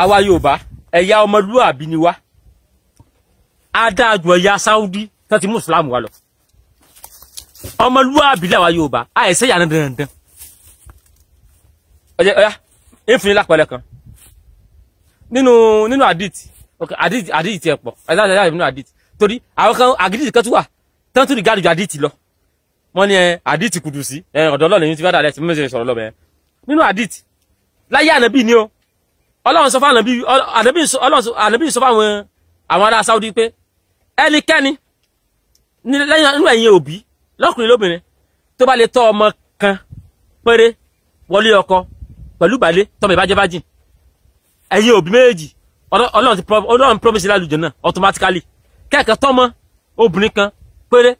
àwa Yorùbá ẹ̀yà ọmọlúwàbí ni wá adájú ẹ̀yà Saudi tó ti mùsùlùmù wa lọ ọmọlúwàbí làwa Yorùbá àìsẹ́ ìyànà dandan ọ̀yẹ́ ọ̀yá ìfúnni lápẹ̀lẹ̀ kan nínú nínú àdìtì àdìtì àdìtì ẹ̀pọ̀ ẹ̀dájọ́ nínú àdìtì torí àwọn kan àgídìtì kan tún wà tán tún ìgáàdùjọ àdìtì lọ wọ́n ni àdìtì Kùdùsí ọ̀dọ́ ọlọ́ọ̀lẹ́yìn ti fẹ́ dà lẹ́sìn mẹ́sẹ̀ sọ̀rọ̀ lọ́bẹ̀ẹ́ nínú àdìtì láyé ànábì ni o ọlọ́run sọ fáwọn ànábì sọ fáwọn àwọn ará Saudi pé ẹnikẹ́ni nínú ẹ̀yin òbí lọ́kùnrin lóbìnrin tó bá lè tọ́ ọmọ kan péré wọlé ọkọ pẹ̀lú ìbàlẹ̀ tọmọ ìbàjẹ́ bá jìn ẹ̀yin òbí méjèèjì ọlọ́run promise lálùjọ náà automatically kẹ́ẹ̀kẹ́ tọ́mọ obìnrin kan péré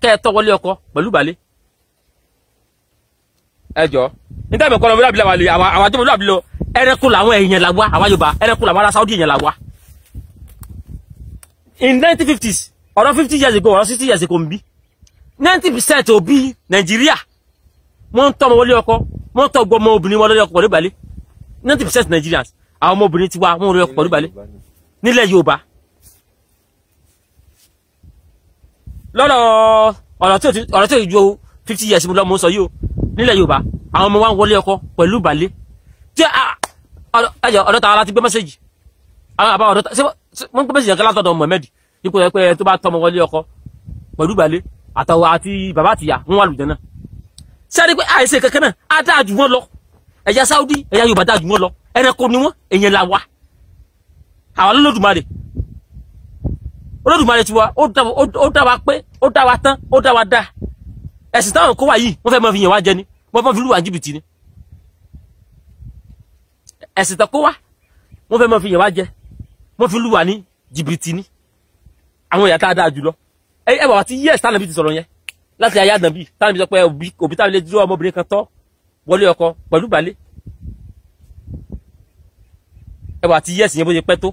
kẹ́ẹ̀ tọ́ wọlé ọkọ pẹ̀lú ìbàlẹ̀ ẹjọ́. E níta ìbẹ̀kọ́ lọ múlùdàbí làwọn àlè àwọn àjọmọ̀ múlùdàbí lọ ẹranko làwọn èèyàn làwa àwa Yorùbá ẹranko làwọn ará Saudi èèyàn làwa. in nineteen fifties ọ̀rọ̀ fifty years ago ọ̀rọ̀ sixty years ago ń bí ninety percent òbí Nàìjíríà wọ́n ń tọ́ ọmọ wọlé ọkọ wọ́n ń tọ́ ọgbọ́n ọmọ obìnrin wọn lọ́lẹ́ ọkọ pẹ̀lú ìgbàlẹ̀ ninety percent Nigerians àwọn ọmọ obìnrin tiwa wọn lọ́lẹ́ ọkọ pẹ̀lú ìgbàlẹ̀ nílẹ̀ Yorùbá. lọ́rọ̀ ọ̀rọ̀ tí ò ju fifty years mo lọ́ mo sọ yìí o nílẹ̀ Yorùbá àwọn ọmọ wa ń wọlé ọkọ pẹ̀lú ìbàlẹ̀ tí ọ̀dọ́ ta ara ti gbé mẹ́sẹ̀gì àwọn àbá ọ̀dọ́ ṣé wọ́n gbé mẹ́sẹ̀gì kan Mohammed ipò ẹ tó bá tọmọ wọlé ọkọ pẹ̀lú ìbàlẹ̀ àtàwọn àti bàbá àtìyà wọn wà lùjẹ́ náà sẹ́ni pé àìsè kankan náà á dáa jù wọ́n lọ ẹ̀yà Saudi ẹ̀yà Yorùbá dáa jù wọ́n lọ ẹranko ni wọ́n èèyàn la wa àwọn Olódùmarè Olódùmarè tiwa ó dá pé ó dá tán ó dá wa ẹ̀sìn táwọn kó wà yìí wọ́n fẹ́ mọ fi yàn wá jẹ ni wọ́n fẹ́ fi lùwà jìbìtì ni ẹ̀sìn tẹ́kọ́ wá wọ́n fẹ́ máa fi yàn wá jẹ wọ́n fi lùwà ní jìbìtì ni àwọn ìyá tá a dáa jùlọ ẹ ẹ bàbá tí yíyẹ sítánàbí ti sọ̀rọ̀ yẹn láti ayé àdàbí tánàbí sọ pé òbí táwọn ilé dúró ọmọbìnrin kan tọ́ wọlé ọkọ pẹ̀lú balẹ̀ ẹ bàbá tí yíyẹ sì yẹn bó ṣe pẹ́ tó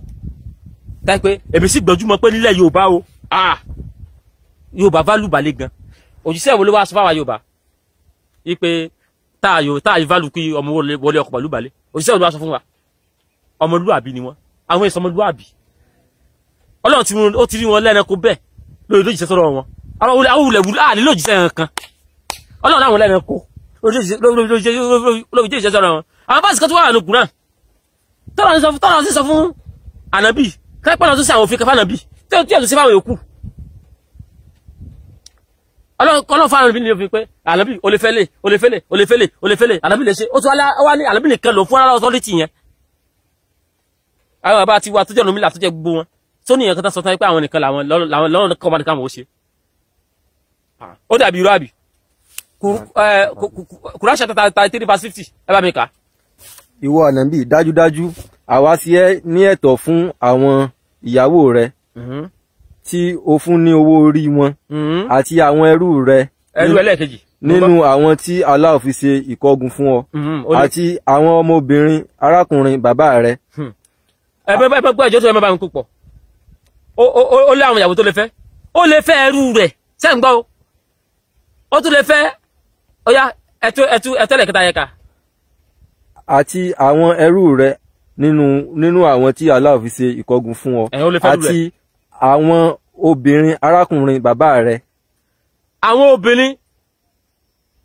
táyé pé èmi sì gbọ́njúmọ́ pé nílẹ̀ Yorùbá o ah! Yorùbá bá lùbàlẹ̀ gan òjíṣẹ́ wo ló sọ fáwọn Yorùbá wípé táàyò táàyò válùkì ọmọ wọlé ọkọ pẹ̀lú balẹ̀ òṣìṣẹ́ olúwa sọ fún wa ọmọlúwàbí ni wọ́n àwọn èso ọmọlúwàbí ọlọ́run ti o ti rí wọn lẹ́ranko bẹ́ẹ̀ lórí lójìṣẹ́ sọ́rọ̀ wọn àwọn wulẹ̀ wulẹ̀ àní lójìṣẹ́ kan ọlọ́run láwọn lẹ́ranko lórí lójìṣẹ́ sọ́rọ̀ wọn àwọn báàsì kan tó wà nínú Kùránì tọ́lá sí sọ fún ànábì kápẹ́ náà tó sí àwọn òfin kẹfà ànábì tó yẹ tó sí fáwọn yòókù ọlọ́run fún ànábì ní òfin pé ànábì olefele olefele olefele olefele ànábì lè ṣe ó tún wá ní ànábì nìkan lò fún ara ọ̀tọ́rìtì yẹn àwọn bàbá ti wá tó jẹ́ lómìnira tó jẹ́ gbogbo wọn tó ní ìyẹn kan sọ tán pé àwọn nìkan làwọn lọ́rùn kọ́ máa nìkan wọ́n ṣe ó dàbí irú àbí kùráṣà tàbí three past fifty ẹ bá mi kà á ìwọ ànàbí dájúdájú àwa sì ẹ ní ẹ̀tọ́ fún àwọn ìyàwó rẹ mhm tí o fún ní owó orí wọn hmm. àti àwọn ẹrú rẹ ẹrú ẹlẹ́ẹ̀kejì nínú àwọn tí Allah fi ṣe ìkógun fún ọ hmm, àti àwọn ọmọbìnrin arákùnrin bàbá rẹ. Hmm. ẹ bẹ bẹ gbọ́ ìjọ́sọ ẹ má bá mi kú pọ̀ ó lé àwọn ìyàwó tó lè fẹ́ ó lè fẹ́ ẹrú rẹ̀ sẹ́ ń gbọ́ o ó tún lè fẹ́ ọ̀yá ẹtú ẹtú ẹtẹ́lẹ̀ kẹta yẹ ká. àti àwọn ẹrú rẹ nínú nínú àwọn tí Allah fi ṣe ìkógun fún ọ àti àwọn obìnrin arákùnrin bàbá rẹ. àwọn obìnrin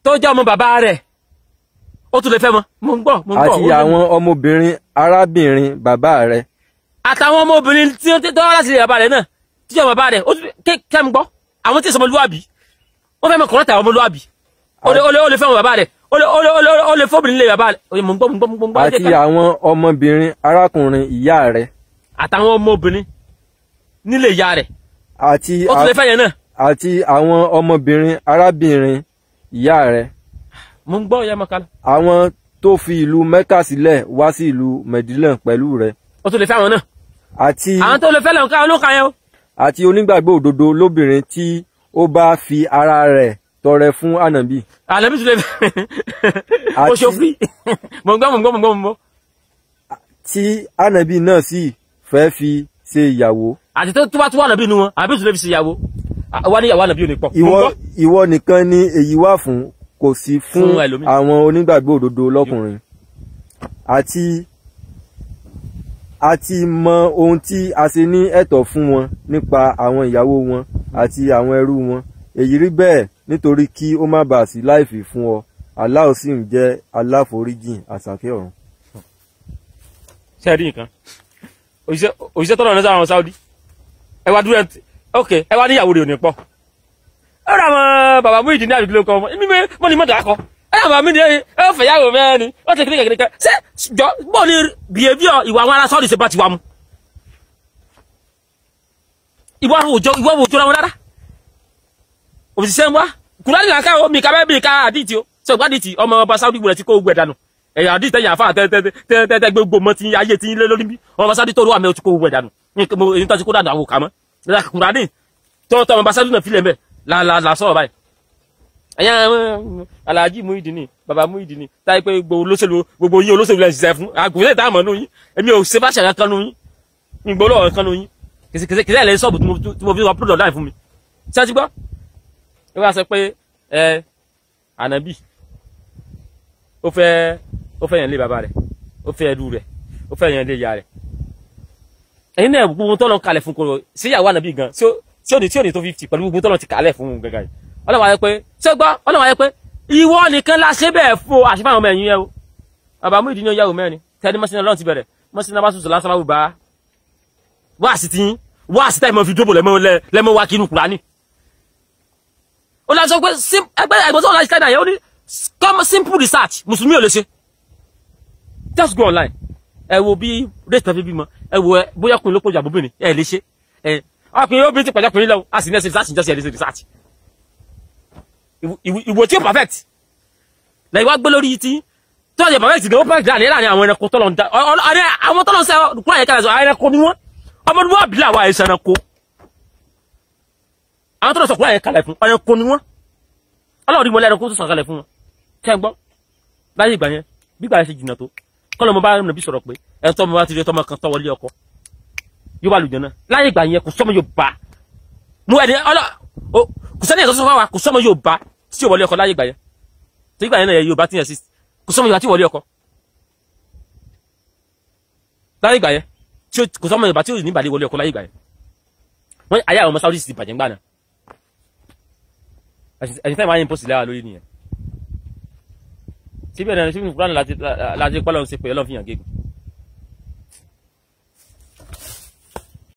tó jẹ́ ọmọ bàbá rẹ̀ ó tún lè fẹ́ mọ mo ń gbọ́ mo ń gbọ́. àti àwọn ọmọbìnrin arábìnrin bàbá rẹ. àtàwọn ọmọbìnrin tí ó tọ́ láti lè bàbá rẹ̀ náà tí jẹ́ ọmọ bàbá rẹ̀ ó tún kẹ́ ń gbọ́ àwọn tí ìsọmọlúwàbí wọ́n fẹ́ mọ kọ́ńtà àwọn ọmọlúwàbí ó lè fẹ́ mọ bàbá rẹ̀ ó lè fọ́bìnrin lè bàbá rẹ̀ mo ń gbọ́ mo ń gbọ́ mo ń gbọ́. àti àwọn ọmọbìnrin arákùnrin ìyá rẹ. àtàwọn ọmọbìnrin nílé ìyá rẹ̀ àti ó tún lè fẹ́ yẹn náà. àti àwọn ọmọbìnrin arábìnrin ìyá rẹ. mo ń gbọ́ ìyá makala. àwọn tó fi ìlú mẹ́kà sílẹ̀ wá sí ìlú mẹ̀dílẹ̀ pẹ̀lú rẹ. ó tún lè fẹ́ àwọn náà. àti àwọn tó lè fẹ́ lọ́nkà olóka yẹn o. àti onígbàgbọ́ òdodo lóbìnrin tí ó bá fi ara rẹ̀ tọrẹ fún ànàbì. ànàbì tún lè fẹ́ o ṣo fí mo ń gbọ́ mo ń gbọ́ mo ń gbọ́ mo ń gbọ́. tí ànàbì náà sì fẹ́ fi ṣe ìyàwó àti tó bá tún wà nàbí inú wọn àbí tún lè fi ṣe ìyàwó wá ní ìyàwó ànàbí ò ní pọ̀. ìwọ nìkan ni èyí wà fún kò sí fún àwọn onígbàgbọ́ òdodo lọ́kùnrin àti àti mọ ohun tí a ṣe ní ẹ̀tọ́ fún wọn nípa àwọn ìyàwó wọn àti àwọn ẹrú wọn èyí rí bẹ́ẹ̀ nítorí kí ó má bàa sí láìfì fún ọ Allah sì ń jẹ́ aláforíjìn àsàkẹ́ ọ̀run. ṣé ẹ rí nǹkan òṣìṣẹ́ tọ́lọ̀ ní sáwọn Saudi ẹ wá dúró ok ẹ wá níyàwó rẹ̀ ò ní pọ̀ ẹ rà mọ́ bàbá mú ìdí ní àdúgbò kan mi mọ́ ni mọ́tò akọ ẹ rà mọ́ mi ní ẹ fẹ́ yàwó mẹ́rin ó ti kékeré kékeré ṣé jọ bọ́ ni behavior ìwà àwọn ará sọ́ọ̀dì ṣe bá ti wà mu ìwà òjò ìwà òjò ra wọn rárá òṣìṣẹ́ wa kùránì làkà ó mi kábẹ́ mi ká àdìtì ó ṣe ògbà àdìtì ọmọ ọba sáwùdí gbọdọ̀ tí kò gbẹ dànù ẹ̀yà àdìtì ẹ̀yà àfa àtẹ́tẹ́tẹ́ gbogbo mọ́ ti ayé ti ń lé lórí bí ọmọ sáwùdí tó rú àmì ó ti kò gbẹ dànù èyí tó ti kó dàdà àwọn kà mọ́ dàdà kùrà ní tọ́wọ́ tọ́wọ́ ambassador náà filẹ̀ mẹ́ làlà sọ̀rọ̀ báyìí ẹ̀yà alhaji Muyideen baba Muyideen táyé pé gbogbo olóṣèlú gbogbo yín olóṣèlú lẹ́yìn ṣiṣẹ́ fún àgùnfẹ́ ìta àmọ́ nù yín èmi ò ṣe fàṣà kan nù yín ìgbò lọ́wọ́ kan nù yín kìsìkìsì ẹ̀ lẹ́yìn sọ́ọ̀bù tí mo fi upload online fún mi ṣé ẹ ti gbọ́ ẹ wá sọ pé ẹ ànábì ó fẹ́ ó fẹ́ yẹn lé bàbá rẹ̀ ó fẹ́ ẹdú rẹ̀ ó fẹ́ yẹn lé ìyá rẹ̀ ẹ̀yin náà gbogbo tọ́lọ̀ kalẹ̀ fún koro sí ìyàwó ànàbí gan tí ó ní tí ó ní tó fifty pẹ̀lú gbogbo tọ́lọ̀ ti kalẹ̀ fún gangan yìí ọlọ́wọ́ ayẹ pé ṣé gbọ́ ọlọ́wọ́ ayẹ pé ìwọ nìkan la ṣe bẹ́ẹ̀ fún o àṣẹ fáwọn ọmọ ẹ̀yìn yẹn o bàbá mú ìdíyàn yàwó mẹ́rin tẹ́ni mọ́sí náà lọ́n ti bẹ̀rẹ̀ mọ́sí náà bá sùn lásán bá wù bá wá sí ti yín wá sí táì mọ́ simple research mùsùlùmí ò lè ṣe just go online ẹ wo bí rate tẹ́fẹ́ bímọ ẹ wo ẹ bóyá ọkùnrin ló pọ̀ jù àbóbìnrin ẹ lè ṣe ẹ ọkùnrin obìnrin ti pàjá ọkùnrin lẹ́wọ̀n a sì ní ẹsẹ̀ research ìjọsìn ẹ̀ lè ṣe research ìwò tí ó perfect lẹ́yìn wá gbé lórí ti tí wọ́n jẹ perfect gan ó perfect láàrin láàrin àwọn ẹranko tọ́lọ̀ ń da àwọn tọ́lọ̀ ń sẹ́ kúrò àyẹ̀ká ẹ̀sọ́ ẹranko ni wọ́n ọmọ ní wọ́n bìlà wà ẹ̀sẹ̀ ẹranko àwọn tọ́lọ̀ sọ kúrò àyẹ̀ká lẹ̀ fún ẹranko ni wọ́n ọlọ́ọ̀rí mọ́lẹ́ ẹranko tó sọ̀kalẹ̀ fún wọn kẹ́ ń gbọ́ láyé ìgbà yẹn bí ìgbà kọ́lọ̀ mo bá nàbí sọ̀rọ̀ pé ẹ tọ́ mo bá ti rí ọtọ́mọ kan tọ́wọ́lé ọkọ yóò wà lùjọ náà láyé ìgbà yẹn kò sọ́mọ yóò bá mo ẹ̀dẹ̀ ọlọ́ kò sẹ́ni ẹ̀sọ́sọ́ fáwa kò sọ́mọ yóò bá tí ò wọlé ọkọ láyé ìgbà yẹn tó ìgbà yẹn náà yóò bá tíyẹn sí kò sọ́mọ yóò bá tí wọlé ọkọ láyé ìgbà yẹn tí kò sọ́mọ yóò bá tí ò ní ìbàdí wọlé ọkọ láyé ìgbà yẹn wọ́n ayé àwọn ọmọ Saudi ti bàjẹ́ ńgbà náà àti táwọn síbẹ̀ náà síbi nìkan láti pálọ̀ ń ṣe pé ọlọ́run fi hàn gégùn.